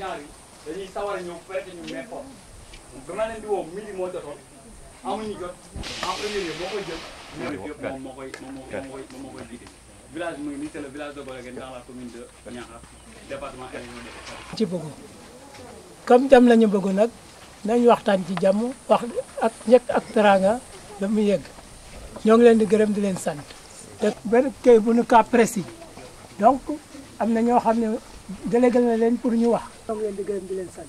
genre dañuy sawar a ñëw prêter ñu mekkoon bi ma leen di woo midi moo jotoon amuñu jot en premier lieu moo koy jël ñëw yëpp moom moo koy moom moo koy moom moo koy jiite village mu ngi nii c'est le village de de jam lañu bëgg nag nañ waxtaan jamu, jàmm ak njëkk ak teranga ba mu yegg ñoo ngi leen di gërëm sant donc ñoo délégué na leen pour ñu wax. ñoo ngi leen di gërëm di leen sant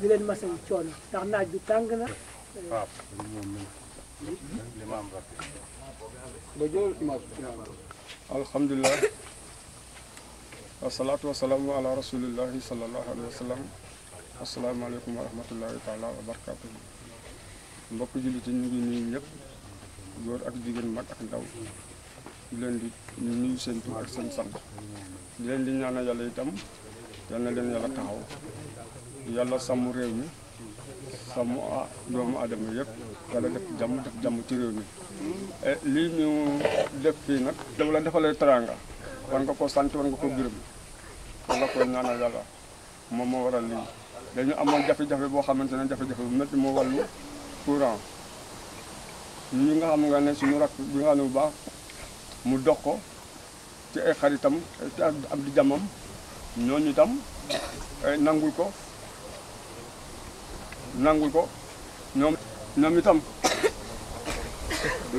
di leen coono ndax naaj bi tàng na. waaw am alhamdulilah wasalaatu wasalaamu ala rasulillahi salallahu alayhi wa sallam asalaamaaleykum wa rahmatullahi wa barakatuhu mbokk jullit yi ñu ngi nuyu ñëpp góor ak jigéen mag ak ndaw ñu leen di ñu seen tur ak seen sant dilen di ñaanal yalla itam yal na leen yàlla taxaw yalla sam rew mi sam a doomu aadama yëpp yalla def jamm def jamm ci rew mi eh, li ñu def fi nak dama la defalé teranga war nga ko sant war nga ko gërëm wala ko ñaanal yalla mo mo waral li dañu amon jafé jafé bo xamante jafé jafé bu metti mo walu courant ñi nga xam nga ne suñu rak bi nga ñu baax mu dox ko ci ay xaritam ci am di jamam ñooñu itam nangul ko nangul ko ñoom ñoom itam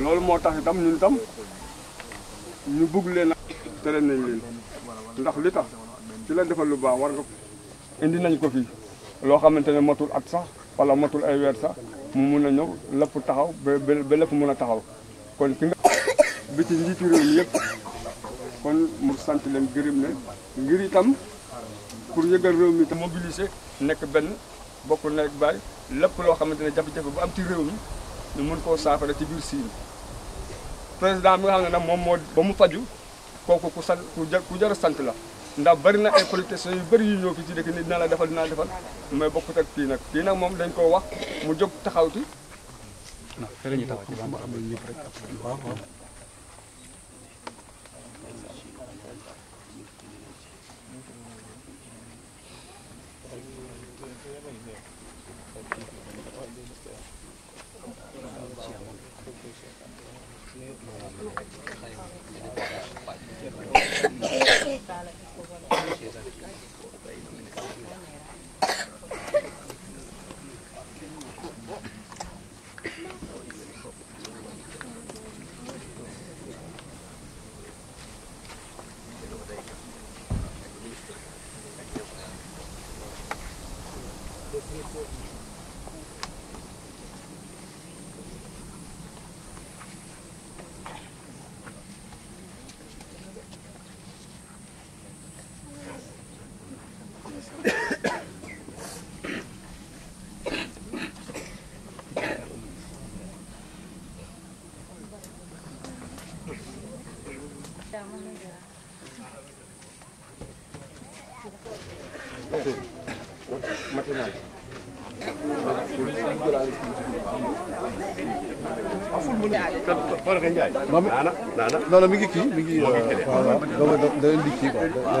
loolu moo tax itam ñun itam ñu bugg leen tere nañ leen ndax li tax ci la defal lu baax war nga indi nañ ko fii loo xamante ne matul at sax wala matul ay weer sax mu mun a ñëw lépp taxaw ba ba lépp mun a taxaw kon ki nga bi ci njiitu réew mi kon mu sant leen gërëm leen ngir itam pour yëgal réew mi te mobiliser nekk benn bokk nawet bàyyi lépp loo xamante ne jafe-jafe bu am ci réew mi ñu mun koo saafara ci biir siin président bi nga xam ne nag moom moo ba mu faju kooku ku sant ku jar ku jar sant la ndax bari na ay politiciens yu bëri yu ñëw fii ci dëkk ni dina la defal dina la defal mais bokkut ak kii nag kii nag moom dañ koo wax mu jóg taxawti. waaw fële ñu taxaw ci ban xool nga Ndiaye. moom it naana naana. non non mi ngi kii mi ngi. moo ngi kële waaw waaw dama dama indi kii quoi. yow.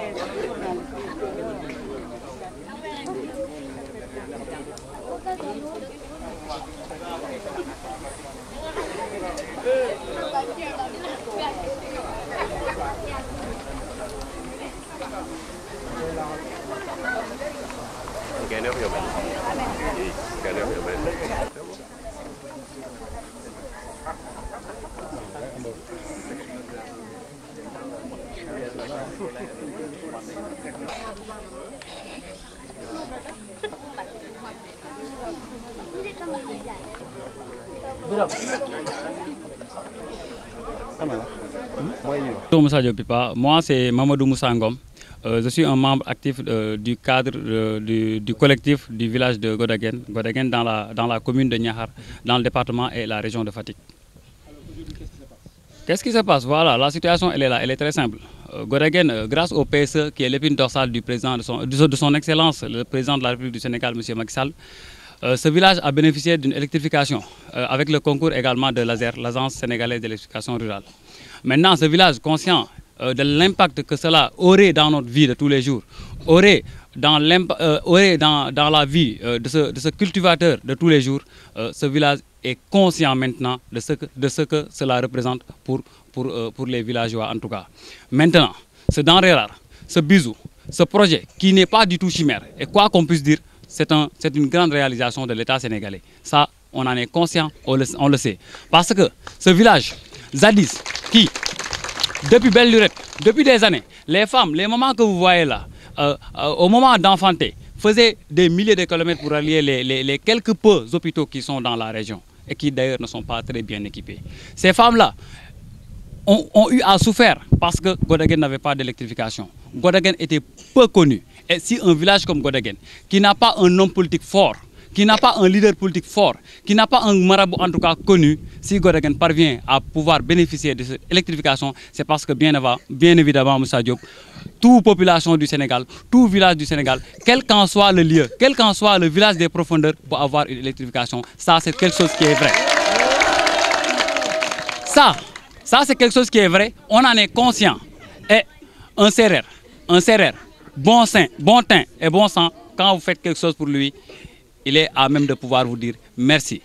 Bonjour Moussa Diopipa, moi c'est Mamadou Moussa Euh, je suis un membre actif euh, du cadre euh, du, collectif du village de Godagen, dans la, dans la commune de Niahar, dans le département et la région de Fatik. Qu'est-ce qui se passe Voilà, la situation elle est là, elle est très simple. Euh, Godagen, grâce au PSE, qui est l'épine dorsale du président de son, Excellence, le président de la République du Sénégal, M. Maxal, ce village a bénéficié d'une électrification, avec le concours également de l'ASER, l'Agence sénégalaise d'électrification rurale. Maintenant, ce village, conscient euh, de l'impact que cela aurait dans notre vie de tous les jours, aurait dans, euh, dans, la vie euh, de, ce, de, ce, cultivateur de tous les jours, ce village est conscient maintenant de ce que, de ce que cela représente pour, pour, les villageois en tout cas. Maintenant, ce denrée rare, ce bisou, ce projet qui n'est pas du tout chimère, et quoi qu'on puisse dire, c'est un, une grande réalisation de l'État sénégalais. Ça, on en est conscient, on le sait. Parce que ce village Zadis, qui, depuis Belle Lurette, depuis des années, les femmes, les mamans que vous voyez là, euh, euh, au moment d'enfanter, faisaient des milliers de kilomètres pour allier les, quelques peu hôpitaux qui sont dans la région et qui d'ailleurs ne sont pas très bien équipés. Ces femmes-là ont, eu à souffrir parce que Godagen n'avait pas d'électrification. Godagen était peu connu. Et si un village comme Godagen, qui n'a pas un nom politique fort, qui n'a pas un leader politique fort, qui n'a pas un marabout en tout cas connu, si Goregan parvient à pouvoir bénéficier de cette électrification, c'est parce que bien, bien évidemment, Moussa Diop, toute population du Sénégal, tout village du Sénégal, quel qu'en soit le lieu, quel qu'en soit le village des profondeurs, pour avoir une électrification. Ça, c'est quelque chose qui est vrai. Ça, ça c'est quelque chose qui est vrai. On en est conscient. Et un serreur, un serreur, bon sein, bon teint et bon sang, quand vous faites quelque chose pour lui, il est à même de pouvoir vous dire merci.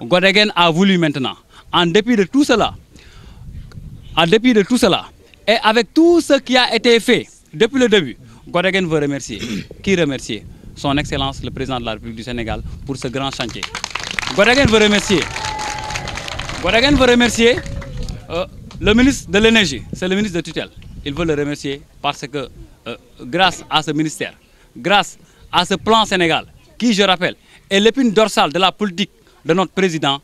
Godegen a voulu maintenant, en dépit de tout cela, en dépit de tout cela, et avec tout ce qui a été fait depuis le début, Godegen veut remercier. Qui remercier Son Excellence, le Président de la République du Sénégal, pour ce grand chantier. Godegen veut remercier. Godegen veut remercier euh, le ministre de l'Énergie, c'est le ministre de tutelle. Il veut le remercier parce que euh, grâce à ce ministère, grâce à ce plan Sénégal, qui, je rappelle, est l'épine dorsale de la politique de notre président,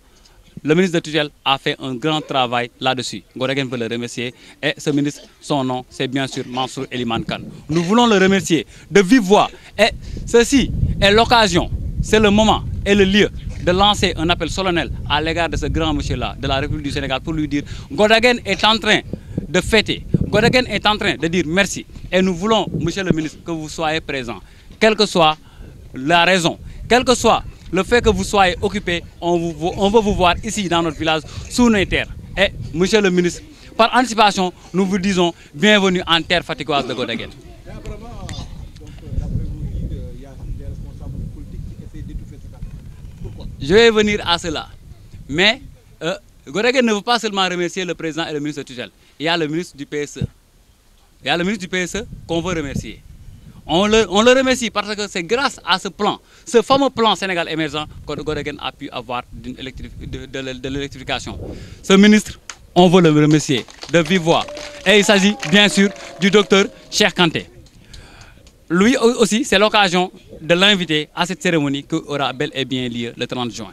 le ministre de tutelle a fait un grand travail là-dessus. Goregen veut le remercier. Et ce ministre, son nom, c'est bien sûr Mansour Eliman Khan. Nous voulons le remercier de vive voix. Et ceci est l'occasion, c'est le moment et le lieu de lancer un appel solennel à l'égard de ce grand monsieur-là, de la République du Sénégal, pour lui dire Godagen est en train de fêter. Goraghen est en train de dire merci. Et nous voulons, monsieur le ministre, que vous soyez présent. Quel que soit la raison. Quel que soit le fait que vous soyez occupé, on, veut vous voir ici dans notre village, sous nos terres. Et, monsieur le ministre, par anticipation, nous vous disons bienvenue en terre fatigoise de Godaguen. Je vais venir à cela. Mais euh, ne veut pas seulement remercier le président et le ministre de Il y a le ministre du PSE. Il y a le ministre du PSE qu'on veut remercier. On le, remercie parce que c'est grâce à ce plan, ce fameux plan Sénégal émergent, que Goregen a pu avoir de, l'électrification. Ce ministre, on veut le remercier de vive voix. Et il s'agit bien sûr du docteur Cher Kanté. Lui aussi, c'est l'occasion de l'inviter à cette cérémonie qui aura bel et bien lieu le 30 juin.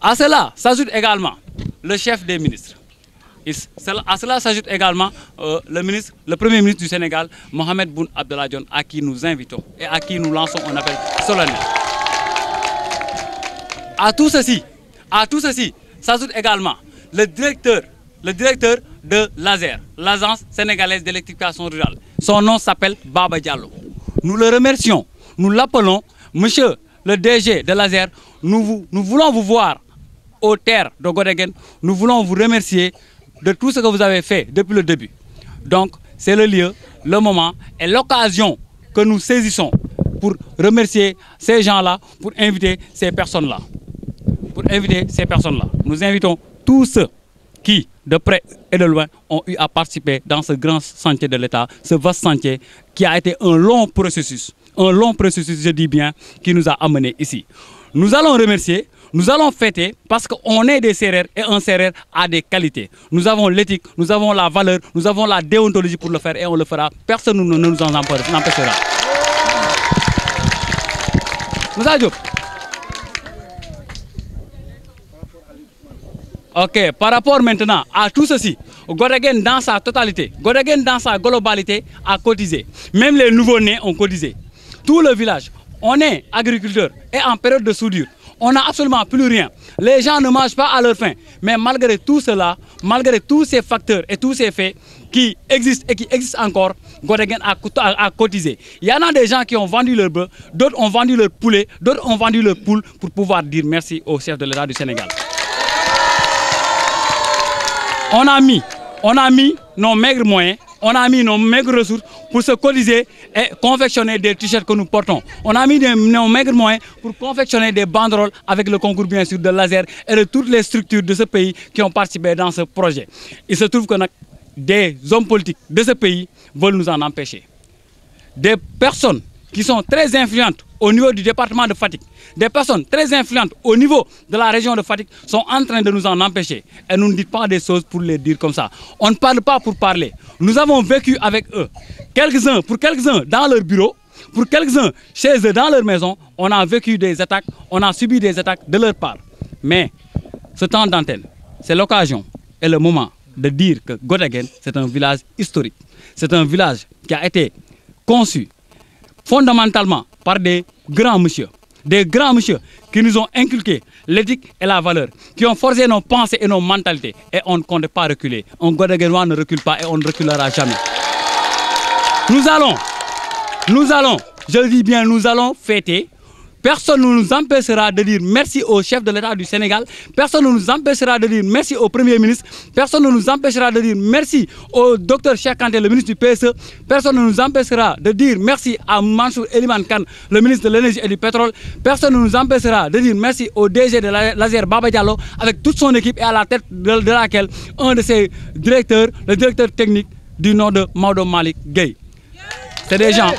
À cela s'ajoute également le chef des ministres, à cela s'ajoute également euh, le, ministre, le Premier ministre du Sénégal, Mohamed Boun John, à qui nous invitons et à qui nous lançons un appel solennel. À tout ceci, à tout ceci s'ajoute également le directeur, le directeur de l'ASER, l'Agence sénégalaise d'électrification rurale. Son nom s'appelle Baba Diallo. Nous le remercions, nous l'appelons, monsieur le DG de Lazer, nous, voulons vous voir aux terres de Godegen. Nous voulons vous remercier de tout ce que vous avez fait depuis le début. Donc, c'est le lieu, le moment et l'occasion que nous saisissons pour remercier ces gens-là, pour inviter ces personnes-là. Pour inviter ces personnes-là. Nous invitons tous ceux qui, de près et de loin, ont eu à participer dans ce grand sentier de l'État, ce vaste sentier qui a été un long processus, un long processus, je dis bien, qui nous a amenés ici. Nous allons remercier nous allons fêter parce qu'on est des serrères et un serrère a des qualités. Nous avons l'éthique, nous avons la valeur, nous avons la déontologie pour le faire et on le fera. Personne ne nous en empêchera. Moussa Diop. Ok, par rapport maintenant à tout ceci, Goregen dans sa totalité, Goregen dans sa globalité a cotisé. Même les nouveaux-nés ont cotisé. Tout le village, on est agriculteur et en période de soudure on n'a absolument plus rien. Les gens ne mangent pas à leur faim. Mais malgré tout cela, malgré tous ces facteurs et tous ces faits qui existent et qui existent encore, Godegen a, cotisé. Il y en a des gens qui ont vendu leur bœuf, d'autres ont vendu leur poulet, d'autres ont vendu leur poule pour pouvoir dire merci au chef de l'État du Sénégal. On a mis, on a mis nos maigres moyens, on a mis nos maigres ressources pour se cotiser et confectionner des t-shirts que nous portons. On a mis des, nos maigres moyens pour confectionner des banderoles avec le concours bien sûr de laser et de toutes les structures de ce pays qui ont participé dans ce projet. Il se trouve que des hommes politiques de ce pays veulent nous en empêcher. Des personnes qui sont très influentes au niveau du département de Fatigue, des personnes très influentes au niveau de la région de Fatigue sont en train de nous en empêcher. Et nous ne dit pas des choses pour les dire comme ça. On ne parle pas pour parler. Nous avons vécu avec eux. Quelques-uns, pour quelques-uns, dans leur bureau, pour quelques-uns, chez eux, dans leur maison, on a vécu des attaques, on a subi des attaques de leur part. Mais ce temps d'antenne, c'est l'occasion et le moment de dire que Godagen, c'est un village historique. C'est un village qui a été conçu fondamentalement par des grands messieurs. Des grands messieurs qui nous ont inculqué l'éthique et la valeur, qui ont forcé nos pensées et nos mentalités. Et on ne compte pas reculer. On ne recule pas et on ne reculera jamais. Nous allons, nous allons, je dis bien, nous allons fêter Personne ne nous empêchera de dire merci au chef de l'État du Sénégal. Personne ne nous empêchera de dire merci au Premier ministre. Personne ne nous empêchera de dire merci au docteur Cheikh le ministre du PSE. Personne ne nous empêchera de dire merci à Mansour Eliman Khan, le ministre de l'Énergie et du Pétrole. Personne ne nous empêchera de dire merci au DG de l'Azer Baba Diallo avec toute son équipe et à la tête de, laquelle un de ses directeurs, le directeur technique du nom de Maudo Malik Gay. C'est des gens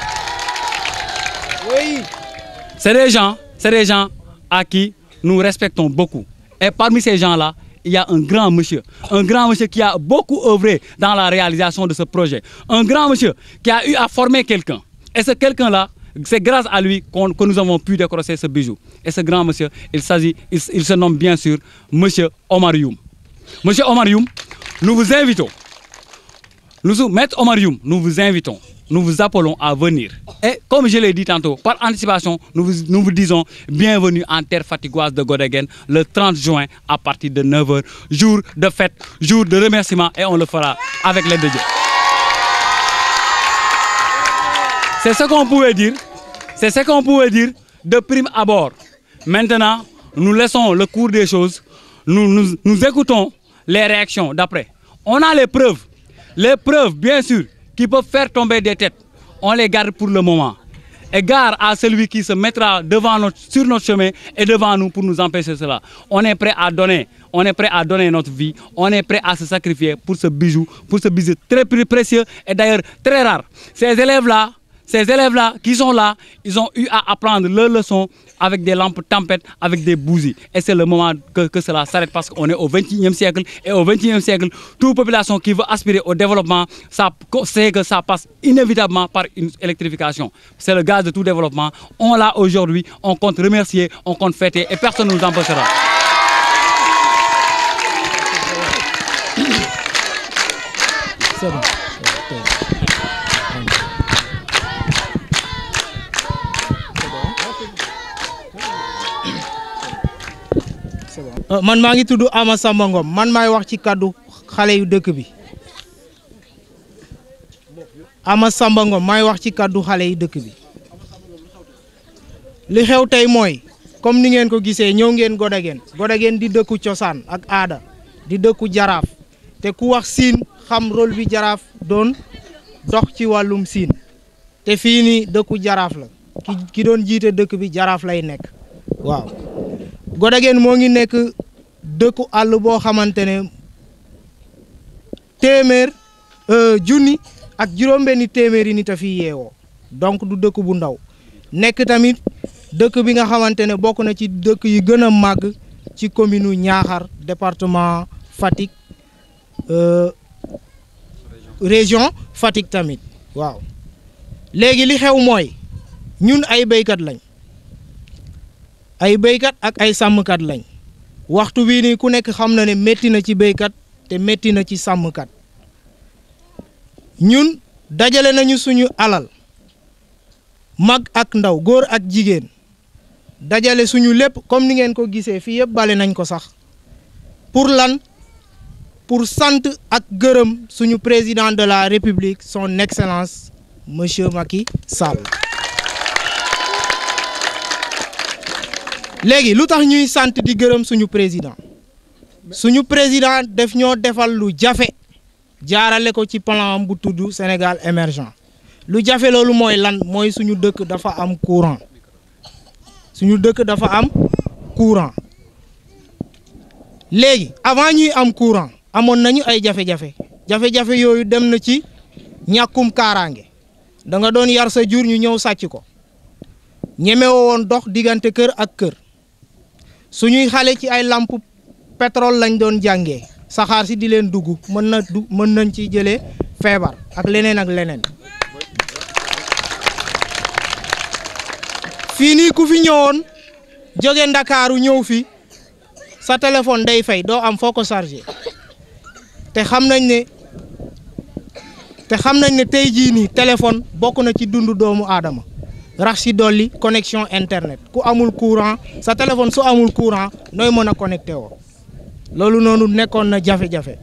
c'est des gens, c'est des gens à qui nous respectons beaucoup. Et parmi ces gens-là, il y a un grand monsieur, un grand monsieur qui a beaucoup œuvré dans la réalisation de ce projet. Un grand monsieur qui a eu à former quelqu'un. Et ce quelqu'un-là, c'est grâce à lui que nous avons pu décrocher ce bijou. Et ce grand monsieur, il, s'agit, il, se nomme bien sûr Monsieur Omar Youm. Monsieur Omar Youm, nous vous invitons. Nous, Maître Omar Youm, nous vous invitons nous vous appelons à venir. Et comme je l'ai dit tantôt, par anticipation, nous vous, disons bienvenue en terre fatigoise de Godegen le 30 juin à partir de 9h. Jour de fête, jour de remerciement et on le fera avec les de Dieu. C'est ce qu'on pouvait dire. C'est ce qu'on pouvait dire de prime abord. Maintenant, nous laissons le cours des choses. nous, nous écoutons les réactions d'après. On a les preuves. Les preuves, bien sûr, qui peuvent faire tomber des têtes, on les garde pour le moment. Et garde à celui qui se mettra devant sur notre chemin et devant nous pour nous empêcher cela. On est prêt à donner, on est prêt à donner notre vie, on est prêt à se sacrifier pour ce bijou, pour ce bijou très précieux et d'ailleurs très rare. Ces élèves-là, ces élèves-là qui sont là, ils ont eu à apprendre leurs leçon avec des lampes tempêtes, avec des bougies. Et c'est le moment que, cela s'arrête parce qu'on est au XXIe siècle. Et au 21 siècle, toute population qui veut aspirer au développement, ça sait que ça passe inévitablement par une électrification. C'est le gaz de tout développement. On l'a aujourd'hui, on compte remercier, on compte fêter et personne ne nous empêchera. C'est Euh, man ma ngi tuddu Ama man may wax ci kaddu xalé yu dëkk bi Ama Samba Ngom maay wax ci kaddu xalé yu dëkk bi li xew tay moy comme ni ngeen ko gisee ñew ngeen godagen godagen di dëkku ciosan ak aada di dëkku jaraaf te ku wax sin xam rôle bi jaraaf doon dox ci walum sin te fini nii dëkku jaraaf la ki doon jité dëkk bi jaraaf lay nek waaw Godageen moo ngi nekk dëkku àll boo xamante ne téeméer euh, junni ak juróom-benni téeméer yi nit a fi yeewo donc du dëkk bu ndaw nekk tamit dëkk bi nga xamante ne bokk na ci dëkk yi gën a màgg ci commune u Niakhar département Fatick euh, région Fatick tamit waaw léegi li xew mooy ñun ay béykat lañ ay béykat ak ay sàmmkat lañ waxtu wii nii ku nekk xam na ne métti na ci béykat te métti na ci sàmmkat ñun dajale nañu suñu alal mag ak ndaw góor ak jigéen dajale suñu lépp comme ni ngeen ko gisee fii yëpp bale nañ ko sax pour lan pour sant ak gërëm suñu président de la république son excellence monsieur Macky Sall Légi lu tax ñuy sante di gëreum suñu président suñu président def ñoo defal lu jafé jaarale ko ci plan bu tuddu Sénégal émergent lu jafé lolu moy lan moy suñu dëkk dafa am courant suñu dëkk dafa am courant Légi avant ñuy am courant amon nañu ay jafé jafé, jafé jafé yoyu dem na ci ñakum karangé da nga doon yar sa jur ñu ñëw sacc ko ñemewoo won dox digante kër ak kër suñuy xalé ci ay lampe pétrole lañ doon jàngee saxar ci di leen dugg mën na mën nañ ci jëlé feebar ak lénen ak lénen fini ku fi ñëwoon jóge dakaru ñëw fi sa téléphone day fay do am foko ko chargé te xam nañ ne te xam nañ ne tey téléphone bokku na ci dundu doomu aadama rax si dolli connexion internet ku amul courant sa téléphone su amul courant nooy mën a connecté woo loolu noonu nekkoon na jafe-jafe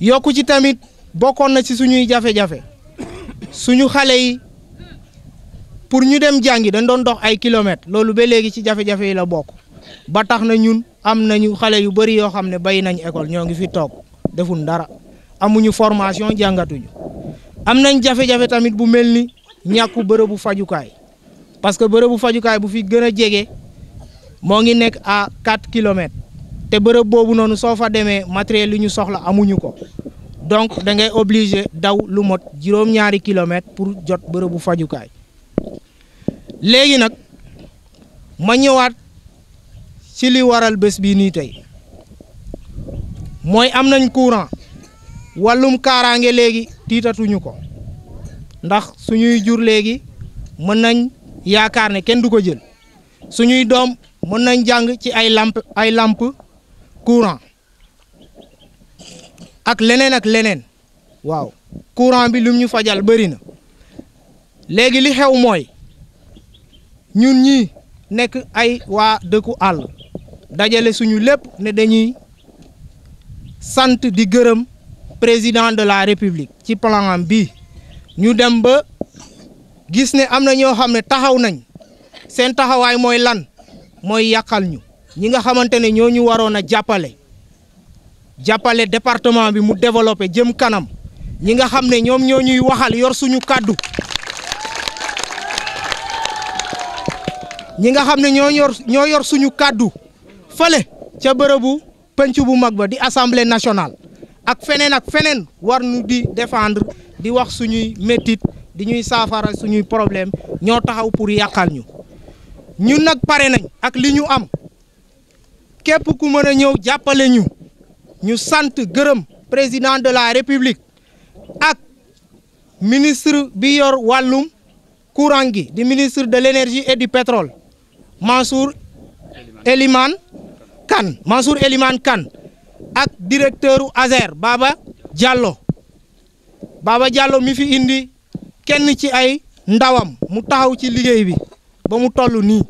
yokku ci tamit bokkoon na ci suñuy jafe-jafe suñu xale yi pour ñu dem jàngi dañ doon dox ay kilomètres loolu ba léegi ci jafe-jafe la bokk ba tax na ñun am nañu xale yu bëri yoo xam ne bay nañ école ñoo ngi fi toog deful dara amuñu formation jàngatuñu am nañ jafe-jafe tamit bu mel ñàkku bërëbu fajukaay parce que bërëbu fajukaay bu fi gën a jege moo ngi nekk à 4 kilomètres te bërëb boobu noonu soo fa demee matériel li ñu soxla amuñu ko donc da ngay obligé daw lu mot juróom-ñaari kilomètres pour jot bërëbu fajukaay léegi nag ma ñëwaat ci li waral bés bi nii mooy am nañ courant wàllum kaaraange léegi tiitatuñu ko ndax suñuy jur legi mën nañ yaakar ne kenn du ko jël suñuy dom mën nañ jang ci ay lampe ay lampe courant ak lenen ak lenen wow courant bi lum ñu fajal bari na legi li xew moy ñun ñi nek ay wa deku all dajale suñu lepp ne dañuy sante di gëreum président de la république ci plan bi ñu dem ba gis ne am na ñoo xam ne taxaw nañ seen taxawaay mooy lan mooy yàqal ñu ñi nga xamante ne ñoo ñu waroon a jàppale jàppale département bi mu développé jëm kanam ñi nga xam ne ñoom ñoo ñuy waxal yor suñu kàddu ñi nga xam ne ñoo yor ñoo yor suñu kàddu fële ca bërëbu penc bu mag ba di assemblée nationale ak fenen ak fenen war nu di défendre di wax suñuy métit di ñuy safara suñuy problème ño taxaw pour yàqal ñu ñun nak paré nañ ak li ñu am képp ku mëna ñëw jappalé ñu ñu sante gërëm président de la république ak ministre bi yor walum courant gi di ministre de l'énergie et du pétrole Mansour Eliman Kan Mansour Eliman Kan ak directeur u ASER Baba Diallo Baba Diallo mi fi indi kenn ci ay ndawam mu taxaw ci liggéey bi ba mu toll nii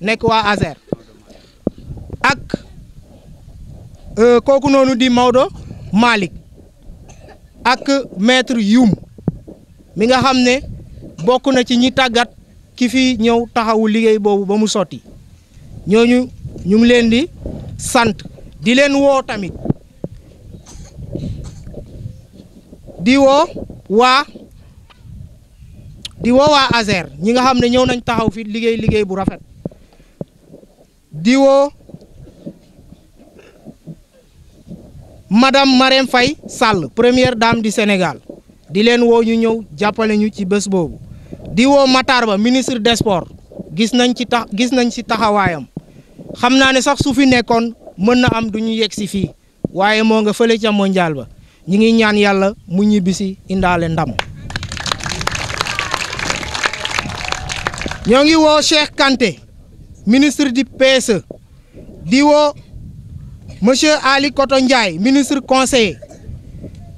nekk waa ASER ak euh, kooku noonu di Maodo Malick ak maître Youm mi nga xam ne bokk na ci ñi tàggat ki fi ñëw taxawu liggéey boobu ba mu sotti ñooñu ñu ngi leen di sant di leen woo tamit di woo waa di woo waa ASER ñi nga xam ne ñëw nañ taxaw fi liggéey liggéey bu rafet di woo madame Marème fay sàll premiere dame du Sénégal di leen woo ñu ñëw jàppale ñu ci bés boobu di woo Matar Ba ministre des sports gis nañ ci tax gis nañ ci taxawaayam xam naa ne sax su fi nekkoon mën na am du ñu yegg si fii waaye moo nga fële ca mondial ba ñi ngi ñaan yàlla mu ñibbisi indaale ndam. ñoo ngi woo Cheikh Kanté ministre du PSE di woo monsieur Ali Koto Ndiaye ministre conseiller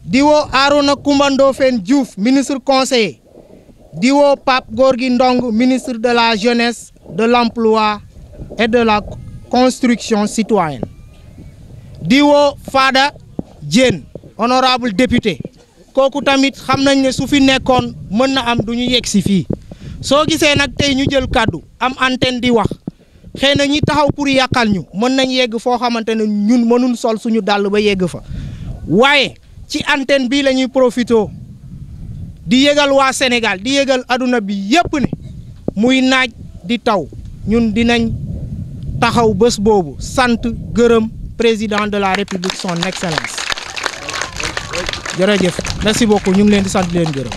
di woo Arouna Coumba Ndoffène Diouf ministre conseiller di woo góor gi Ndong ministre de la jeunesse de l'emploi et de la construction citoyenne di woo Fada Diène honorable député kooku tamit xam nañ ne su fi nekkoon mën na am du ñu yegg si fii soo gisee nag tey ñu jël kàddu am antenne di wax xëy na ñi taxaw pour yàqal ñu mën nañ yegg foo xamante ne ñun mënuñ sol suñu dàll ba yegg fa waaye ci antenne bii lañuy ñuy profité di yëgal waa Sénégal di yëgal àdduna bi yépp ne muy naaj di taw ñun dinañ taxaw bés boobu sant gërëm président de la république son excellence jërëjëf merci beaucoup ñu ngi leen di sant leen gërëm.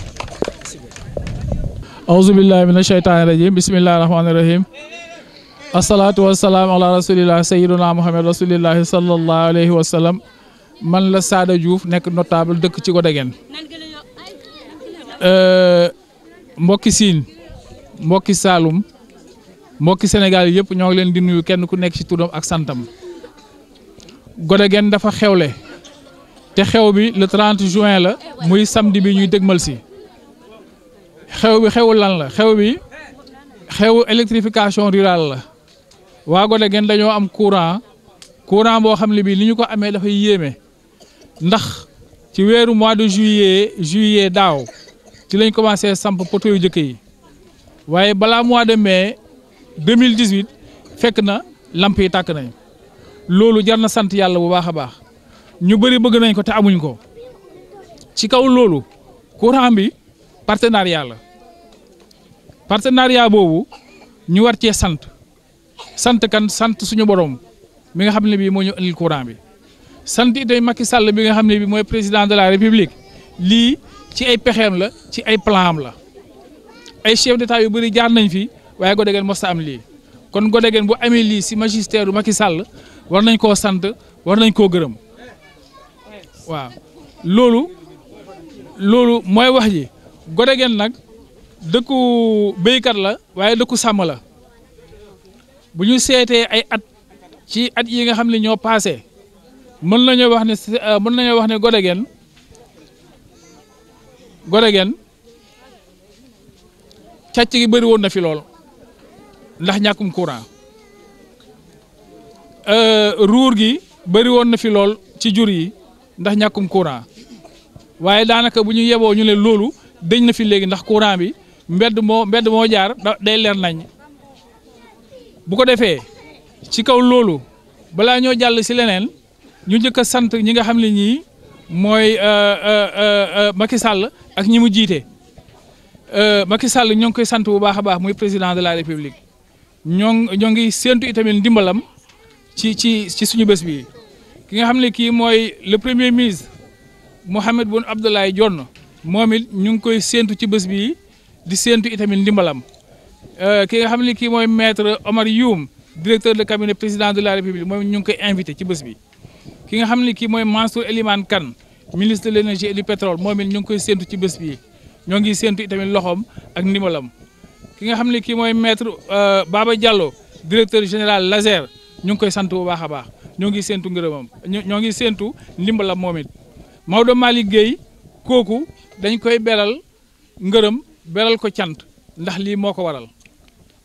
auzu billahi mina shaytaani rajim bismillahi rahmaani rahim asalaatu wasalaam ala rasulillah sayyiduna muhammad rasulillahi sallallahu alayhi wa man la Sada Diouf nekk notable dëkk ci Godegen euh, mbokki siin mbokki Saalum mbokki Sénégal yëpp ñoo ngi leen di nuyu kenn ku nekk ci turam ak santam Godegen dafa xewle te xew bi le 30 juin la muy samedi bi ñuy dëgmal si xew bi xewul lan la xew bi xewu électrification rural la waa Godegen dañoo am courant courant boo xam ne bii li ñu ko amee dafay yéeme ndax ci weeru mois de juillet juillet daaw ci lañ commencé samp poto yu njëkk yi waaye balaa mois de mai 2018 fekk na lamp yi tàkk nañ loolu jar na sant yàlla bu baax a baax ñu bëri bëgg nañ ko te amuñ ko ci kaw loolu courant bi partenariat la partenariat boobu ñu war cee sant sant kan sant suñu borom mi nga xam ne bii moo ñu indil courant bi sant itam Macky Sall bi nga xam ne bii mooy président de la république lii ci ay pexeem la ci ay plan la ay chef d'état yu bari jaar nañ fi waaye Godegeen mos a am lii kon Godegeen bu amee lii si magistère Macky Sall. war nañ koo sant war nañ koo gërëm waaw loolu loolu mooy wax ji Godegen nag dëkku béykat la waaye dëkku sàmm la bu ñu seetee ay at ci at yi nga xam ne ñoo paase mën nañoo wax ne euh, mën nañoo wax ne Godegen Godegen càcc gi bëri woon na fi lool ndax ñàkkum courant Euh, ruur gi bëri woon na fi lool ci jur yi ndax ñàkkum courant waaye daanaka bu ñu yeboo ñu leen loolu deñ na fi léegi ndax courant bi mbedd moo mbedd moo jaar day leer nañ bu ko defee ci kaw loolu balaa ñoo jàll si leneen ñu njëkk a sant ñi nga xam ne ñii mooy euh, euh, Macky Sall ak ñi mu jiite Macky Sall ñoo ngi koy sant bu baax a baax mooy président de la république ñoo ñoo ngi séentu itamit ndimbalam. ci ci suñu bés bi ki nga xam ne kii mooy le premier ministre Mohamed Boun Abdallah Dionne moom it ñu ngi koy séentu ci bés bi di séentu itamit ndimbalam euh, ki nga xam ni kii mooy maître Omar Youm directeur de cabinet président de la république moom ñu ngi koy invité ci bés bi ki nga xam ne kii mooy Mansour Elimane Kane ministre de l' pétrole moom it ngi koy séentu ci bés bi ñoo ngi séentu itamit loxoom ak ndimbalam ki nga xam ne kii mooy maître euh, Baba Diallo directeur général Laser ñu ngi koy sant bu baax a baax ñoo ngi séentu ngërëmam ñoo ngi séentu ndimbalam moom it Maodo Malick Guèye kooku dañ koy beral ngërëm beral ko cant ndax lii moo waral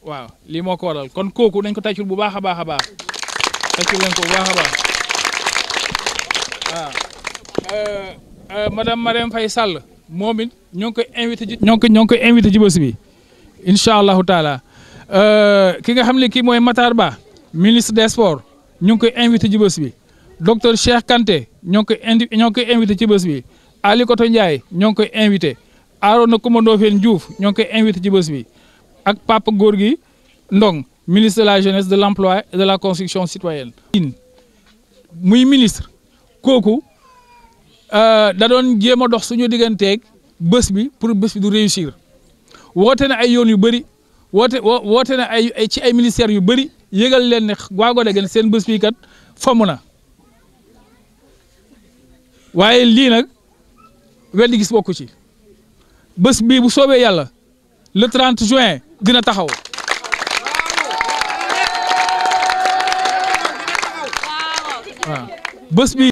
waaw lii moo waral kon kooku dañ ko tàccul bu baax a baax a baax tàccul leen ko bu baax a baax waaw euh, euh, madame Marème Faye Sall moom it ñoo ngi koy invité ji koy ñoo koy invité ji bi incha allahu taala euh, ki nga xam ne kii Matar Ba ministre des sports ñu ngi koy invité ci bés bi docteur Cheikh Kanté ñoo ngi koy indi ñoo koy invité ci bés bi Ali Koto Ndiaye ñoo ngi koy invité Arona na Ndoffène Diouf ñoo ngi koy invité ci bés bi ak Papa Gorgui Ndong ministre de la jeunesse de l'emploi et de la construction citoyenne. muy ministre kooku euh, da doon jéem a dox suñu digganteeg bés bi pour bés du réussir woote na ay yoon yu bëri woote woote na ay ci ay ministères yu bëri. yëgal leen ne waa Godé Gane seen bés bii kat fomm na waaye lii nag weddi gis bokku ci bés bi bu soobee yàlla le 30 juin dina taxaw waaw bés bi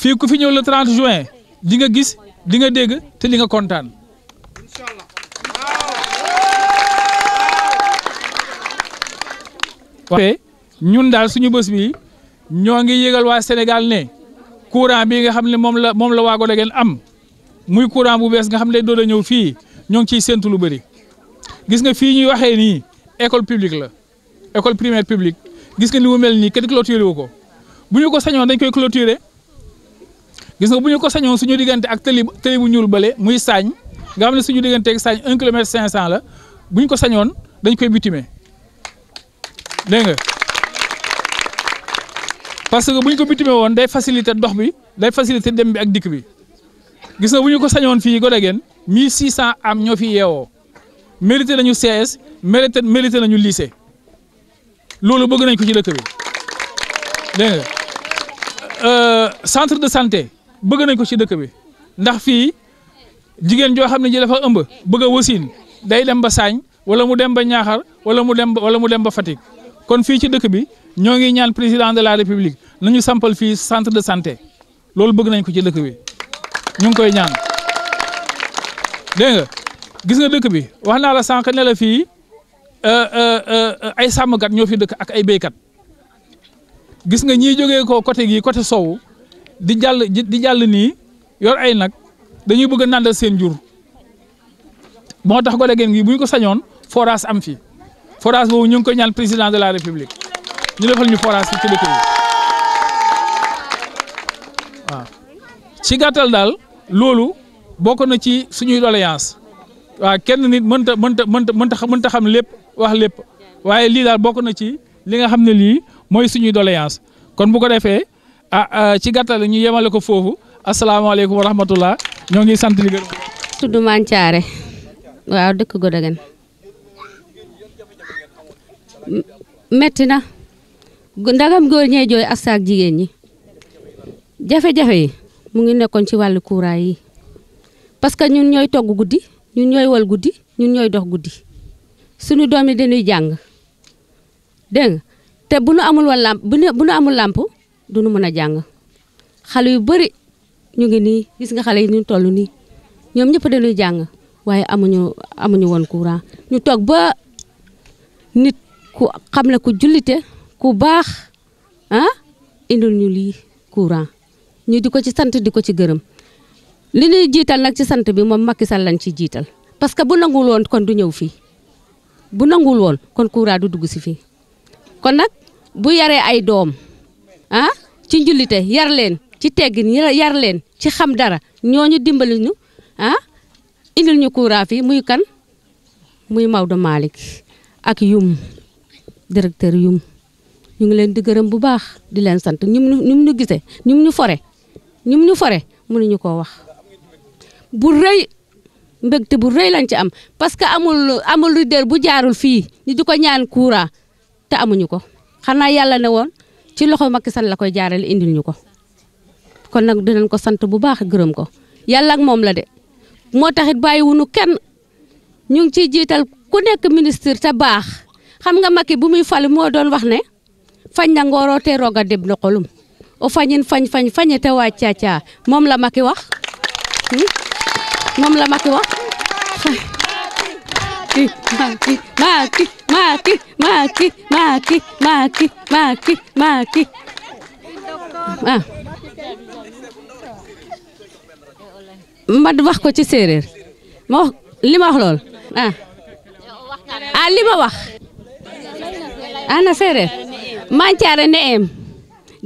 fii ku fi ñëw le 30 juin di nga gis di nga dégg te di nga kontaan. waaye ñun daal suñu bës bi ñoo ngi yëgal waa Sénégal ne courant bi nga xam ne moom la moom la waa Godogen am muy courant bu bees nga xam ne day doon ñëw fii ñoo ngi ciy séntu lu bëri gis nga fii ñuy waxee nii école publique la école primaire publique gis nga ni mu mel nii kenn clôturé wu ko bu ñu ko sañoon dañ koy clôturer gis nga bu ñu ko sañoon suñu diggante ak tëli tëli bu ñuul bale muy saañ nga xam ne suñu diggante ak saañ un kilomètre cinq cent la bu ñu ko sañoon dañ koy bitumer dégg nga que bu ñu ko bitimee woon day facilité dox bi day faciliter dem bi ak dikk bi gis nga bu ñu ko sañoon fii Godegeen 1600 am ñoo fi yeewoo mérité nañu CS mérité mérité nañu lycée loolu bëgg nañ ko ci dëkk bi dégg euh, centre de santé bëgg nañ ko ci dëkk bi ndax fii jigéen joo xam ne ji dafa ëmb bëgg a wasin day dem ba saañ wala mu dem ba Niakhar wala mu dem ba wala mu dem ba Fatick. kon fii ci dëkk bi ñoo ngi ñaan président de la république nañu sampal fii centre de sante loolu bëgg nañ ko ci dëkk bi ñu ngi koy ñaan dégg gis nga dëkk bi wax naa la sànq ne la fii euh, euh, euh, ay sàmmkat ñoo fi dëkk ak ay béykat gis nga ñi jóge ko côté gii côté sow di jàll di jàll nii yor ay nag dañuy bëgg a nàndal seen jur moo tax gone gi buñ ko sañoon forage am fii forage boobu ñu ngi koy ñaan président de la république ñu defal ñu forage fii ci dëkk gàttal daal loolu bokk na ci suñuy doléance waa kenn nit mënta mënta mënta mënta xam lépp wax lépp waaye lii daal bokk na ci li nga xam ne lii mooy suñuy doléance kon bu ko defee ah, ah, ci gàttal ñu yemale ko foofu asalaamaaleykum wa rahmatullah ñoo ngi sant li gërëm. tudd Mancaare waaw dëkk Godogan metti na ndagam góor ñee jooy ak saak jigéen ñi jafe-jafe yi mu ngi nekkoon ci wàllu courant yi parce que ñun ñooy togg guddi ñun ñooy wal guddi ñun ñooy dox guddi suñu doom yi dañuy jàng dégg te bu nu amul làmp bu nu amul làmp du nu mën a jàng xale yu bëri ñu ngi nii gis nga xale yi ñu toll nii ñoom ñëpp dañuy jàng waaye amuñu amuñu woon courant ñu toog ba nit. ku xam ne ku jullite ku baax ah indil ñu lii courant ñu di ko ci sant di ko ci gërëm li ñuy jiital nag ci sant bi moom Macky Sall lañ ci jiital parce que bu nangul woon kon du ñëw fii bu nangul woon kon courant du dugg si fi kon nag bu yaree ay doom ah ci njullite yar leen ci teggin yar leen ci xam dara ñooñu dimbali ñu ah indil ñu courant fii muy kan muy Maodo Malick ak yum directeur yum ñu ngi leen di gërëm bu baax di leen sant ñum ñum ñu gisé ñum ñu foré ñum ñu mënu ñu ko wax bu reuy mbegté bu reuy lañ ci am parce que amul amul leader bu jaarul fi ñu diko ko ñaan courant te amuñu ko xana yalla ne won ci loxo Macky Sall la koy jaarale indil ñu ko kon nak dinañ ko sant bu baax gërëm ko yalla ak mom la de mo taxit bayiwunu kenn ñu ngi ci jital ku nekk ministre ta baax xam nga Macky bu muy fal moo doon wax ne fañ na ngooroo te roog a dib na xolum o fañin fañ fañ fañe te waaj caacaa moom la Macky wax hmm? moom la Macky wax Macky Macky Macky Macky Macky Macky Macky Macky ah ma wax ko ci séeréer ma wax li ma wax lool ah ah li ma wax ana seereer mancaare ne'eem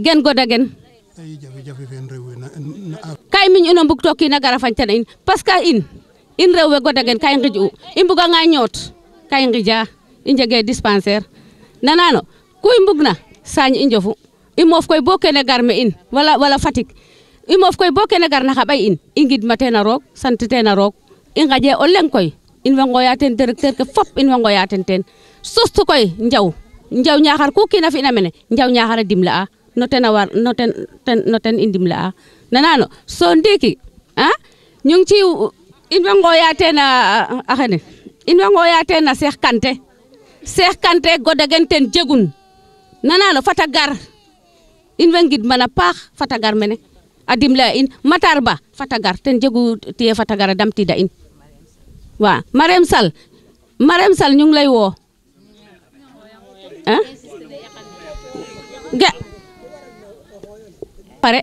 gen god a gen ka i miñ'uno mbug gara fañtana in parce que in in rew we god a i ngij'u i ñoot ka i i njegee dispensaire nanano ku i mbugna saañ i njofu i moof koy bo kene gar me wala wala Fatick i moof koy bo kene garna xa ɓay in i ngidma roog sant roog i ngaƴe o koy in way ngooya directeur ke fop in way ngooya teen teen koy njaw njaw ñaxar ku kiin a fina mene njaw ñaxar a dimle a no ten a a nanano so ndiiki a ah, ñu ngi ci in way ngooya teen a xene in way ngooya teen a Cheikh Kanté Cheikh godagen ten jegun nanano fata gar in way ngidman a paax fata gar mene a dimle a in Matar Ba fata gar ten jegu tiye fata gar a damtida in waaw Marème Sall Marème Sall ñu lay woo ah ge pare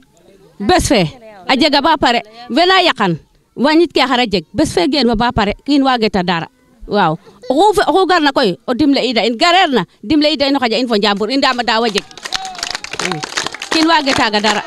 bés fe a jega ba pare wena yaqan wañit ke xara jeg bés fe geen wa ba pare kiin waage ta dara waaw oxu garna koy o dimle ida in gareer na dimle ida in o xaƴa in fo njambur i ndama daawa jeg kiin waage taaga dara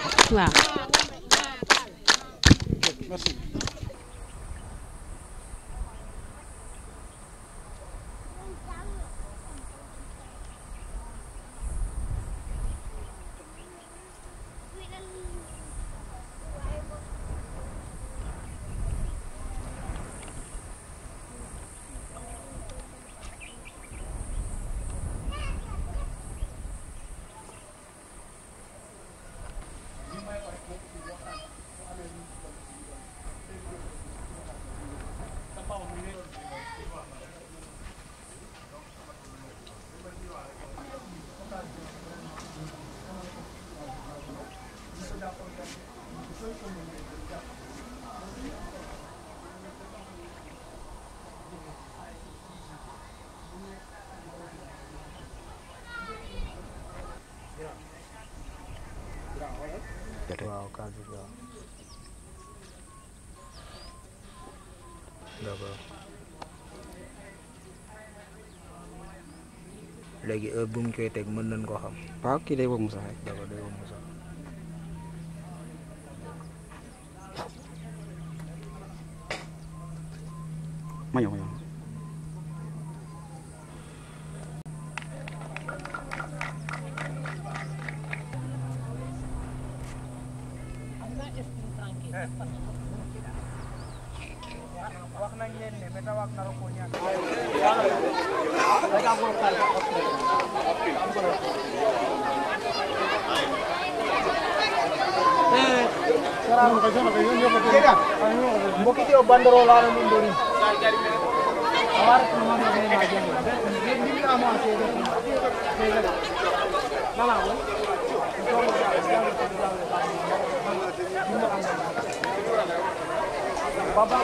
wa kazi za gaba léegi heure bu mu koy teg mën nañ koo xam waaw kii day woo Moussa rek d'accord day woo Moussa Bukitio banderola na mundo ni. Mama, Baba,